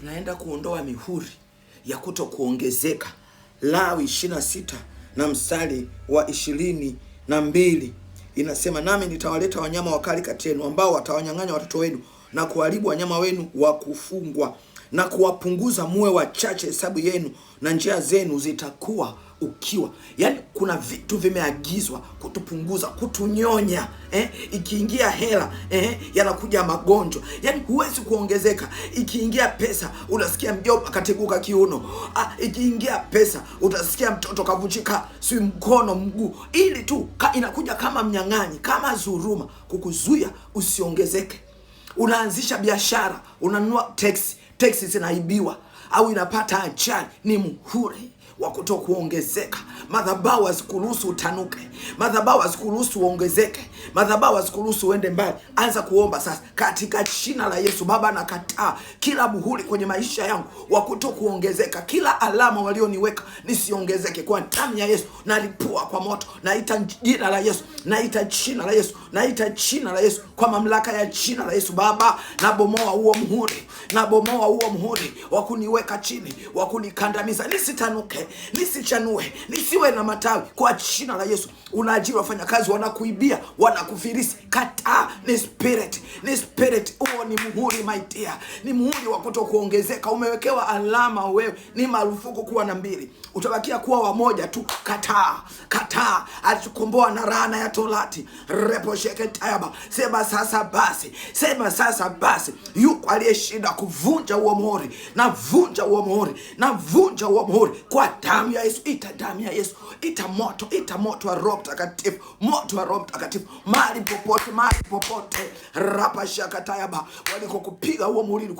tunaenda kuondoa mihuri ya kuto kuongezeka. Lawi sita na mstari wa ishirini na mbili inasema, nami nitawaleta wanyama wakali kati yenu ambao watawanyang'anya watoto wenu na kuharibu wanyama wenu wa kufungwa na kuwapunguza muwe wachache hesabu yenu, na njia zenu zitakuwa ukiwa. yani kuna vitu vimeagizwa kutupunguza, kutunyonya eh? Ikiingia hela eh, yanakuja magonjwa. yani huwezi kuongezeka. Ikiingia pesa unasikia mjomba kateguka kiuno. Ah, ikiingia pesa utasikia mtoto kavunjika si mkono mguu, ili tu ka, inakuja kama mnyang'anyi, kama zuruma kukuzuia usiongezeke. Unaanzisha biashara, unanunua teksi, teksi zinaibiwa au inapata ajali, ni muhuri wa kutokuongezeka. Madhabahu hazikuruhusu utanuke, madhabahu hazikuruhusu uongezeke, madhabahu hazikuruhusu uende mbali. Anza kuomba sasa katika jina la Yesu. Baba, nakataa kila muhuri kwenye maisha yangu wa kutokuongezeka, kila alama walioniweka nisiongezeke, kwa damu ya Yesu nalipua kwa moto. Naita jina la Yesu, naita jina la Yesu, naita jina la Yesu, kwa mamlaka ya jina la Yesu. Baba, nabomoa huo muhuri, nabomoa huo muhuri wa kuniweka kuniweka chini, wa kulikandamiza, nisitanuke nisichanue nisiwe na matawi. Kwa jina la Yesu, unaajiri wafanyakazi, wanakuibia, wanakufirisi, kataa. Ni spirit, ni spirit leo ni muhuri maitia ni muhuri wa kutokuongezeka. Umewekewa alama wewe, ni marufuku kuwa na mbili, utabakia kuwa wamoja tu. Kataa, kataa. Alichukomboa na rana ya Torati, repo sheke tayaba. Sema sasa basi, sema sasa basi, yuko aliyeshinda kuvunja huo muhuri, na vunja huo muhuri, na vunja huo muhuri kwa damu ya Yesu, ita damu ya Yesu, ita moto, ita moto wa Roho Mtakatifu, moto wa Roho Mtakatifu, mali popote, mali popote, rapa shaka tayaba walikokupiga huo mulini.